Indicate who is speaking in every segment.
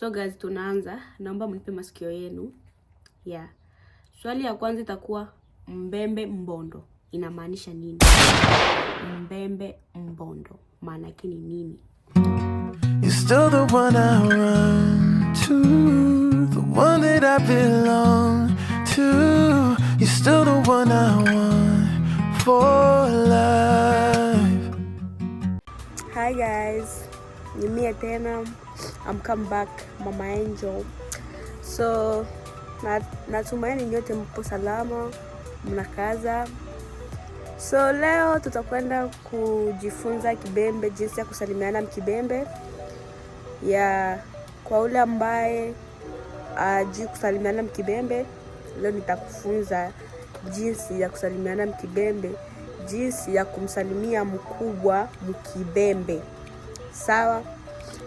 Speaker 1: So guys, tunaanza. Naomba mnipe masikio yenu. Yeah. Swali ya kwanza itakuwa mbembe mbondo inamaanisha nini? Mbembe mbondo maana yake ni nini? You're still the one I run to, the one that I belong
Speaker 2: to. You're still the one I want for life. Hi guys, ni mie tena I'm come back Mama Angel. So natumaini nyote mpo salama, mnakaza. So leo tutakwenda kujifunza Kibembe, jinsi ya kusalimiana mkibembe ya kwa ule ambaye ajui kusalimiana mkibembe. Leo nitakufunza jinsi ya kusalimiana mkibembe, jinsi ya kumsalimia mkubwa mkibembe. Sawa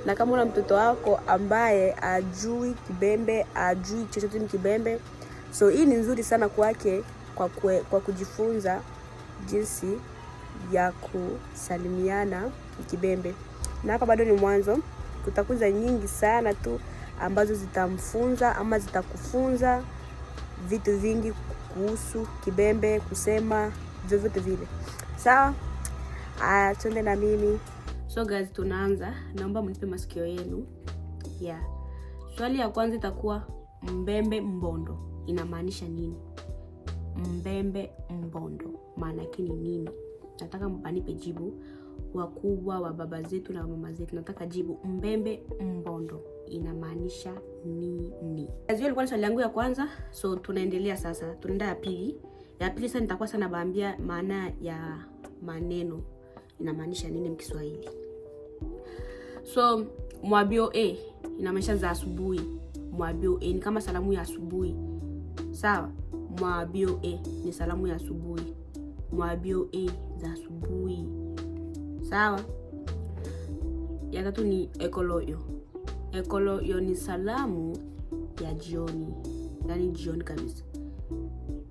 Speaker 2: na kama una mtoto wako ambaye ajui kibembe, ajui chochote ni kibembe, so hii ni nzuri sana kwake kwa, kwe, kwa kujifunza jinsi ya kusalimiana kibembe. Na hapa bado ni mwanzo, kutakuza nyingi sana tu ambazo zitamfunza ama zitakufunza vitu vingi kuhusu kibembe, kusema vyovyote vile. Sawa, ah, tuende na mimi.
Speaker 1: So guys, tunaanza. Naomba mnipe masikio yenu. Yeah. Swali ya kwanza itakuwa mbembe mbondo inamaanisha nini? Mbembe mbondo maana yake ni nini? Nataka mpanipe jibu, wakubwa wa baba zetu na mama zetu. Nataka jibu, mbembe mbondo inamaanisha nini? Hiyo ilikuwa ni swali langu ya kwanza, so tunaendelea sasa, tunaenda ya pili. Ya pili sasa nitakuwa sana baambia maana ya maneno inamaanisha nini mkiswahili So mwambio ina maisha za asubuhi. Mwambio a ni kama salamu ya asubuhi, sawa? Mwambio a ni salamu ya asubuhi. Mwambio a za asubuhi, sawa? Ya tatu ni ekoloyo. Ekoloyo ni salamu ya jioni, yaani jioni kabisa.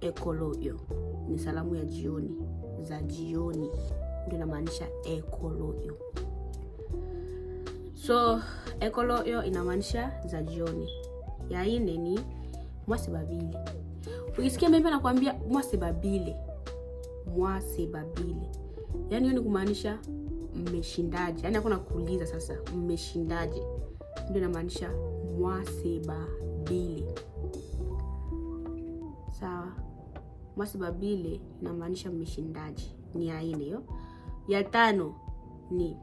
Speaker 1: Ekoloyo ni salamu ya jioni, za jioni ndio inamaanisha ekoloyo so ekolo hiyo inamaanisha za jioni. Ya ine ni mwasibabile. Ukisikia mimi nakwambia mwasebabili mwasebabili yaani hiyo ni kumaanisha mmeshindaje, yaani hakuna kuuliza sasa, mmeshindaje ndio inamaanisha mwasebabili Sawa, mwasebabili inamaanisha mmeshindaje, ni ya ine hiyo. Ya tano ni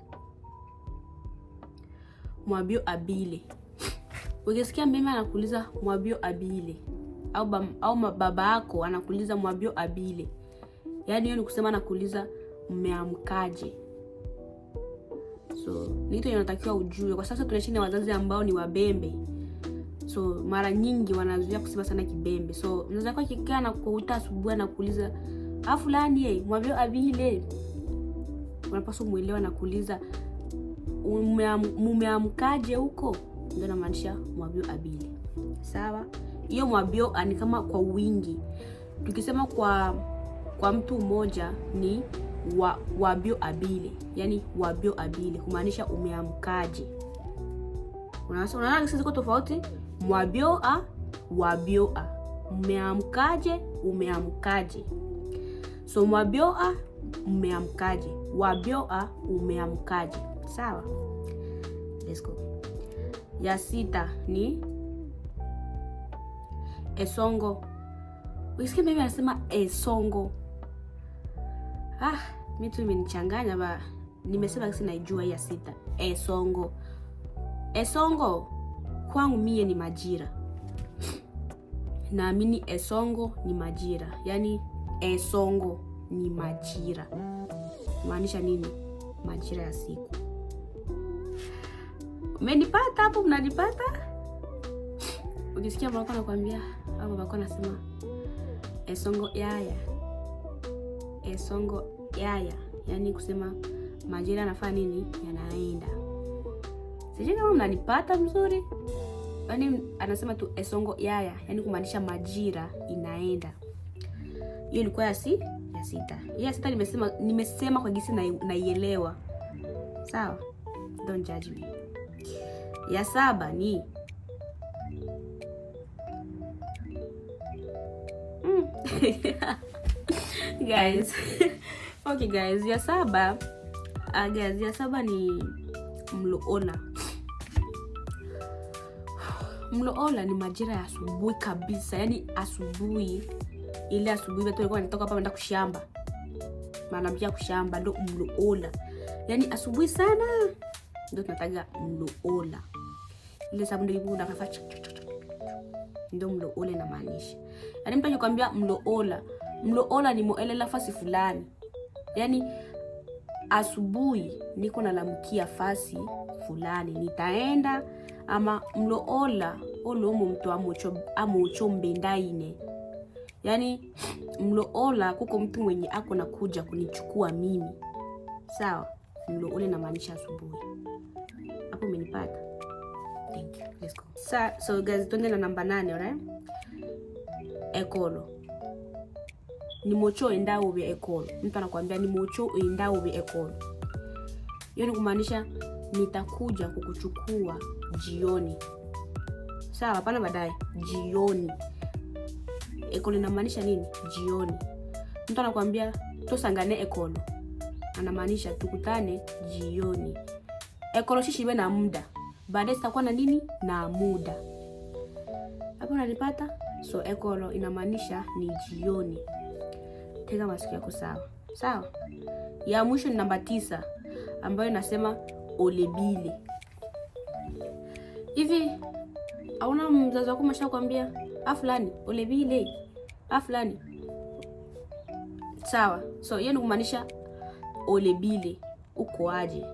Speaker 1: mwabio abile. Ukisikia mimi anakuuliza mwabio abile au, ba, au baba yako anakuuliza mwabio abile, yaani hiyo ni kusema anakuuliza mmeamkaje. So nito inatakiwa ujue. Kwa sasa tunaishi na wazazi ambao ni wabembe, so mara nyingi wanazuia kusema sana Kibembe. So unaweza wako kikaa na kuuta asubuhi anakuuliza afulani, ah, eh mwabio abile, unapaswa muelewa na kuuliza mumeamkaje huko, ndio namaanisha mwabio abili. Sawa, hiyo mwabio ni kama kwa wingi. Tukisema kwa kwa mtu mmoja ni wa, wabio abili, yani wabio abili kumaanisha umeamkaje. Unaona kesi ziko tofauti, mwabio a wabio a, mmeamkaje umeamkaje. So mwabio a mmeamkaje, wabio a umeamkaje Sawa, let's go. Ya sita ni esongo. Ukisikia mimi anasema esongo, ah, mitu imenichanganya ba, nimesema kasi naijua ya sita esongo. Esongo kwangu mie ni majira, naamini esongo ni majira, yaani esongo ni majira maanisha nini? Majira ya siku. Umenipata hapo, mnanipata? Ukisikia babako anakuambia au babako anasema esongo eh, yaya, esongo eh, yaya, yaani kusema majira anafanya nini, yanaenda. Sijui kama mnanipata mzuri, yaani anasema tu esongo eh, yaya, yaani kumaanisha majira inaenda. Hiyo ilikuwa ya si ya sita. Hiyo ya sita nimesema, nimesema kwa gisi naielewa, sawa? Don't judge me. Ya saba ni mm. guys okay guys, ya saba uh, guys, ya saba ni mloola. Mloola ni majira ya asubuhi kabisa, yaani asubuhi ile asubuhi watu hapa wenda kushamba, manaambia kushamba ndo mloola, yaani asubuhi sana ndo tunataga mloola ile sabuni ndio unakafanya ndio na inamaanisha. Yaani mtu akikwambia mloola, mloola ni moelela fasi fulani. Yaani asubuhi niko nalamkia fasi fulani nitaenda ama mloola olomo mtu amocho amocho mbendaine. Yaani mloola kuko mtu mwenye ako na kuja kunichukua mimi. Sawa? na maanisha asubuhi. Hapo umenipata? Sa, so guys, twende na namba nane right? Ekolo ni mocho enda uwe ekolo. Mtu anakuambia ni mocho enda uwe ekolo, hiyo ni kumaanisha nitakuja kukuchukua jioni, sawa? wapana baadaye jioni. Ekolo inamaanisha nini? Jioni. Mtu anakuambia tosangane ekolo, anamaanisha tukutane jioni. Ekolo shishibe na muda baadaye sitakuwa na nini na muda. Hapo unanipata? So ekolo inamaanisha ni jioni. Tega masikio yako sawa sawa. Ya mwisho ni namba tisa ambayo inasema olebile. Hivi hauna mzazi wako kuambia a ah, fulani olebile, a ah, fulani sawa? So hiyo ni kumaanisha olebile, uko aje?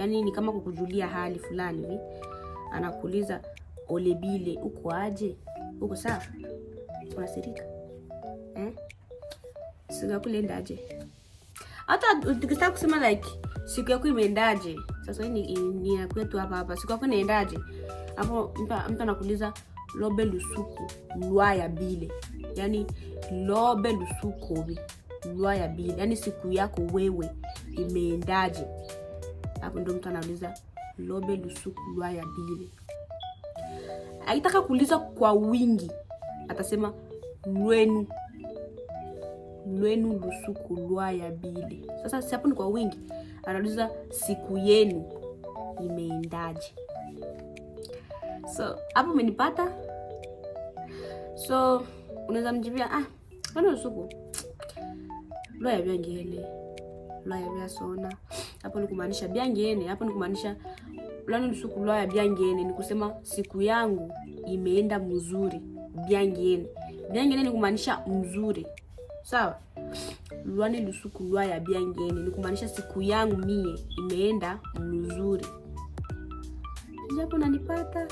Speaker 1: yani ni kama kukujulia hali fulani hivi, anakuuliza olebile, uko aje? Uko sawa? Unasirika eh? Siku yako ilendaje? Hata ukitaka kusema like siku yako imeendaje, sasa ni ni ya kwetu hapa hapa, siku yako inaendaje? Hapo mtu anakuuliza lobe lusuku lwaya bile, yani lobe lusuku vi lwaya bile, yani siku yako wewe imeendaje? Hapo ndo mtu anauliza lobe lusuku lwaya bile. Akitaka kuuliza kwa wingi atasema lwenu lwenu lusuku lwaya bile. Sasa si ni kwa wingi, anauliza siku yenu imeendaje? So hapo umenipata. So unaweza mjibia ah, ana lusuku lwaya vyangele ya vyasona hapo ni kumaanisha byangene, hapo ni kumaanisha lani lusukulwa ya byangene, ni kusema siku yangu imeenda mzuri. Byangene, byangene ni kumaanisha mzuri, sawa. Lwani lusukulwa ya byangene ni kumaanisha siku yangu mie imeenda mzuri. Japo nanipata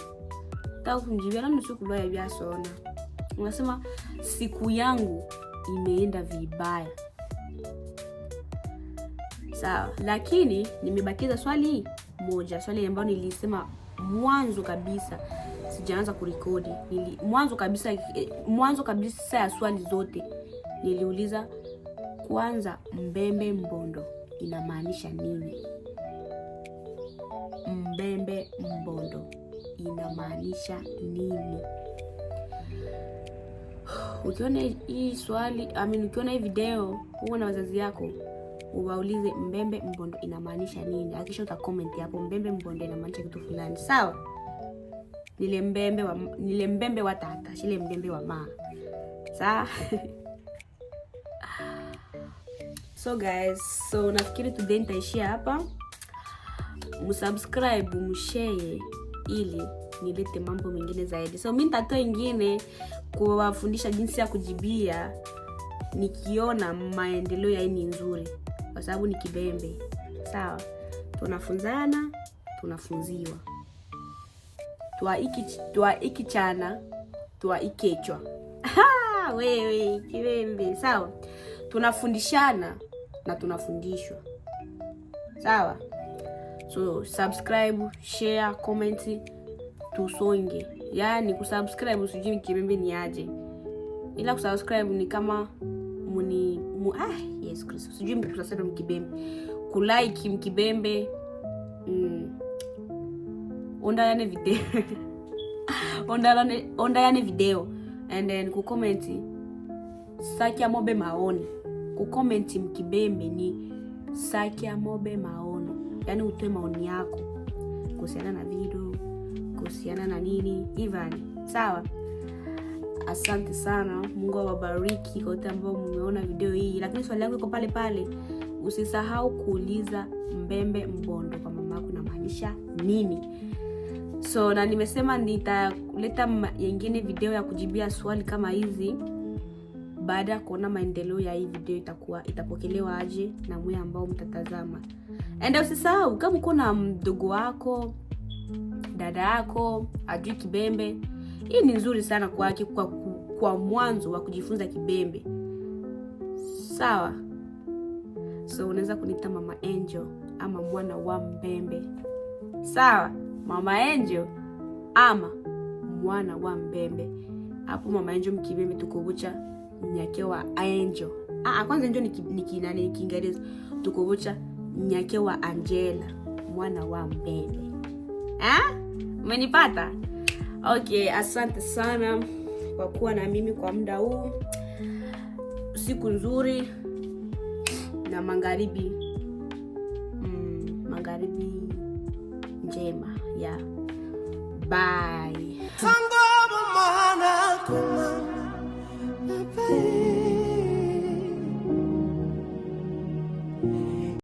Speaker 1: ta kunjibia lani lusukulwa ya byasona, unasema siku yangu imeenda vibaya sawa, lakini nimebakiza swali moja, swali ambayo nilisema mwanzo kabisa sijaanza kurekodi nili, mwanzo kabisa eh, mwanzo kabisa ya swali zote niliuliza kwanza, mbembe mbondo inamaanisha nini? Mbembe mbondo inamaanisha nini? Ukiona hii swali I mean, ukiona hii video huwe na wazazi yako uwaulize mbembe mbondo inamaanisha nini. akisha uta comment hapo, mbembe mbondo inamaanisha kitu fulani, sawa? Nile mbembe wa, nile mbembe wa tata shile mbembe wa maa, sawa? So guys, so nafikiri today nitaishia hapa. Msubscribe, mshare ili nilete mambo mengine zaidi. So mi nitatoa ingine kuwafundisha jinsi ya kujibia nikiona maendeleo ya ni nzuri kwa sababu ni kibembe. Sawa, tunafunzana, tunafunziwa, twaikichana, twaikechwa. Wewe kibembe, sawa. Tunafundishana na tunafundishwa, sawa. So subscribe, share, comment, tusonge. Yaani kusubscribe, sijui kibembe ni aje, ila kusubscribe ni kama muni mu, ah, Yesu Kristo sijui tunasema mkibembe kulike mkibembe mm. ondayane video ondayane, video and then kucomment sakya mobe maoni kucomment mkibembe ni sakia mobe maono, yaani utoe maoni yako kuhusiana na video kuhusiana na nini ivan sawa asante sana. Mungu awabariki kwa wote ambao mmeona video hii, lakini swali langu iko pale pale, usisahau kuuliza mbembe mbondo kwa mama yako inamaanisha nini. So na nimesema nitaleta yengine video ya kujibia swali kama hizi baada ya kuona maendeleo ya hii video itakuwa itapokelewa aje na mwe ambao mtatazama. And usisahau kama uko na mdogo wako, dada yako ajui kibembe hii ni nzuri sana kwa, kwa, kwa mwanzo wa kujifunza kibembe. Sawa, so unaweza kuniita Mama Angel ama mwana wa mbembe. Sawa, Mama Angel ama mwana wa mbembe. Hapo Mama Angel mkibembe tukuvucha wa Angel. Ah, ah, kwanza Angel ni kinani Kiingereza, tukuvucha wa Angela mwana wa mbembe. Ah? umenipata? Okay, asante sana kwa kuwa na mimi kwa muda huu. Siku nzuri na magharibi mm, magharibi njema ya yeah. Bye.